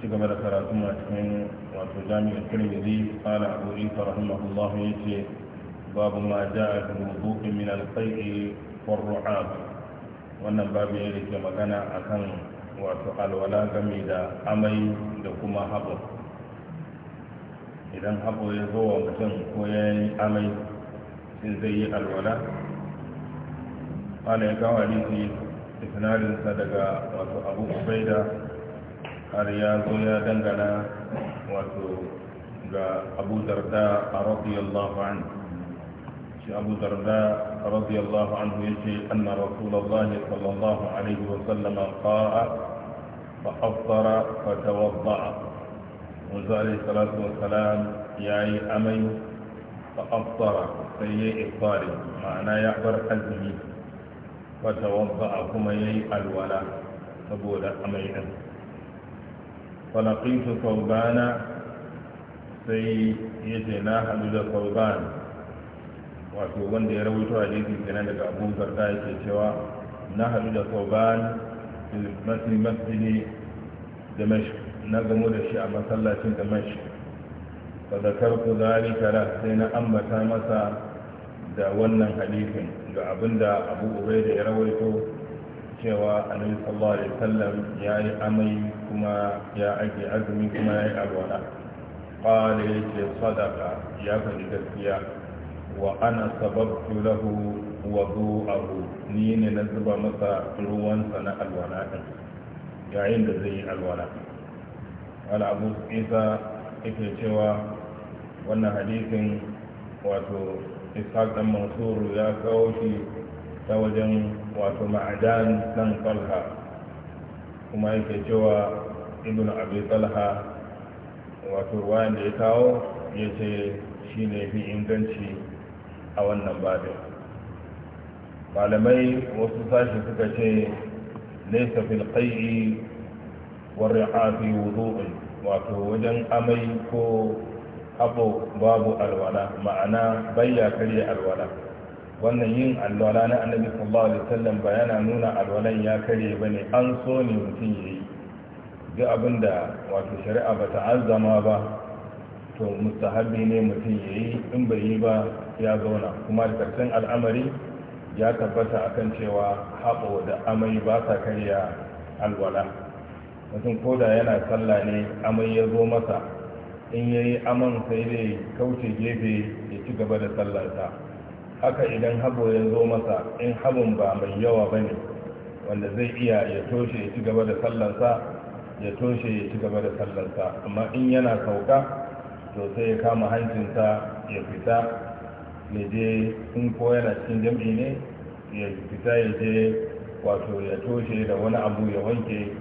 ci gaba da karatu a cikin wato jami'ar tirmidhi qala abu isa rahimahullah yace babu ma ja'a fi wudu'i min al-qai'i ru'ab wannan babu ya ke magana akan wato alwala game da amai da kuma habo idan habo ya zo wa mutum ko ya yi amai sai zai yi alwala qala ya kawo hadisi sa daga wato abu ubaida har ya zo ya dangana wato ga abu darda a radiyallahu an shi abu darda radiyallahu anhu ya ce anna rasulallahi sallallahu alaihi wa sallama qa'a fa afsara fa tawadda'a wanzu alaihi salatu wa salam ya yi amai fa afsara sai ya yi ifari ma'ana ya bar azumi fa tawadda'a kuma ya yi alwala saboda amai ɗin falakitu saubana sai ya ce na hadu da sauban wanda ya rawaito hadisi kenan daga abu zarda yake cewa na hadu da sauban fil masjidi damashq na gamu da shi a masallacin damashq fa zakartu zalika la sai na ambata masa da wannan hadisin ga abinda abu da ya rawaito cewa annabi sallallahu alaihi wasallam ya yi amai kuma ya ake azumi kuma ya yi alwala qala yake sadaqa ya fadi gaskiya wa ana sababtu lahu wudu'ahu ni ne na zuba masa ruwansa na alwala din yayin da zai yi alwala wala abu isa yake cewa wannan hadisin wato ishaq dan mansur ya kawo shi ta wajen wato ma'adan dan talha kuma yake cewa ibn abi talha wato wayan da ya kawo ya ce shi ne fi inganci a wannan babin malamai wasu sashi suka ce laisa fil qai'i war ri'afi wudu'un wato wajen amai ko abu babu alwala ma'ana bayya karya alwala wannan yin alwala na annabi sallallahu alaihi wasallam ba yana nuna alwalan ya kare bane an so ne mutum yayi duk abinda wato shari'a ba ta azzama ba to mustahabi ne mutum yayi in bai yi ba ya zauna kuma da karshen al'amari ya tabbata akan cewa haɓo da amai ba sa karya alwala mutum koda yana sallah ne amai ya zo masa in yayi aman sai dai kauce gefe ya ci gaba da sallarsa haka idan habo ya zo masa in habon ba mai yawa ba ne wanda zai iya ya toshe ya ci gaba da sallansa ya toshe ya ci gaba da sallansa amma in yana sauka to sai ya kama hancinsa ya fita ya je in ko yana cikin jam'i ne ya fita ya je wato ya toshe da wani abu ya wanke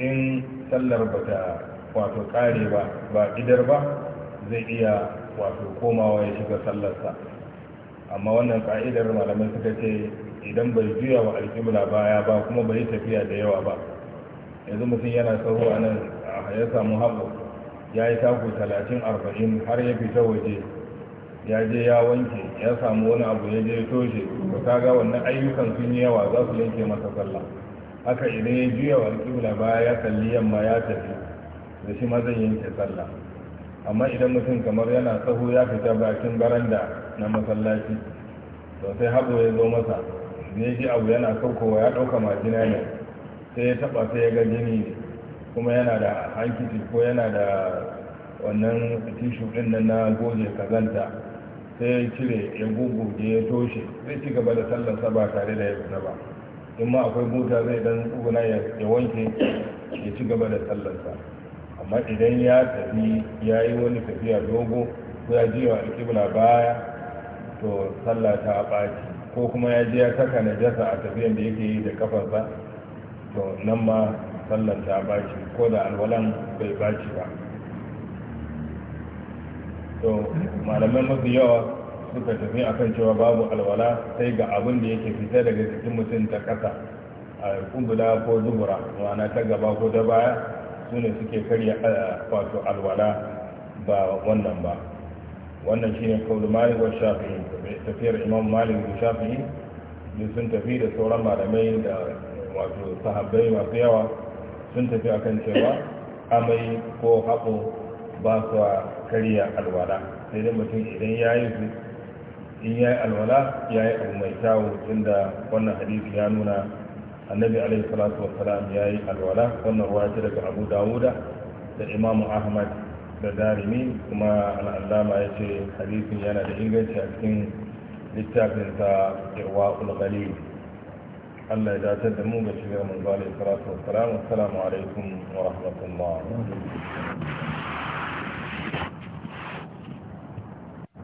in sallar bata wato kare ba ba idar ba zai iya wato komawa ya shiga sallarsa amma wannan ka'idar malamai suka ce idan bai juya wa alƙibla baya ba kuma bai tafiya da yawa ba yanzu mutum yana sauro a nan ya samu haɓu ya yi taku talatin arba'in har ya fita waje ya je ya wanke ya samu wani abu ya je toshe ta ga wannan ayyukan sun yi yawa za su yanke masa sallah haka idan ya juya wa alƙibla baya ya kalli yamma ya tafi da shi ma zai yanke sallah amma idan mutum kamar yana sahu ya fita bakin baranda na masallaci sosai sai ya zo masa ne shi abu yana saukowa ya ɗauka majina ne sai ya taba sai ya ga jini kuma yana da hankici ko yana da wannan tishu ɗin nan na goje kazanta sai ya cire ya da ya toshe zai ci gaba da sallar ba tare da ya ba in ma akwai buta zai dan tsuguna ya wanke ya ci gaba da sallarsa amma idan ya tafi ya yi wani tafiya dogo ko ya jiwa a baya to sallah ta ɓaci ko kuma ya je ya saka najasa a tafiyan da yake yi da kafarsa to nan ma sallar ta ɓaci ko da alwalan bai ɓaci ba to malamai mafi yawa suka tafi akan cewa babu alwala sai ga abin da yake fita daga cikin mutum ta ƙasa a kumbula ko zubura ma'ana ta gaba ko ta baya su ne suke karya eh, wato alwala ba wannan ba wannan shine kaulu malik wa shafi'i tafiyar imam malik wa shafi'i ne sun tafi da sauran malamai da wato sahabbai masu yawa sun tafi akan cewa amai ko haɓo ba su karya alwala sai dai mutum idan ya yi su in ya yi alwala ya yi abu mai kyawu tunda wannan hadisi ya nuna annabi alaihi salatu wasalam ya yi alwala wannan ruwa ce daga abu dawuda da imamu ahmad da darimi kuma al'allama ya ce hadisin yana da inganci a cikin ta irwa ulgali allah ya datar da mu ga shigar manzo alaihi salatu wassalamu alaikum wa rahmatullah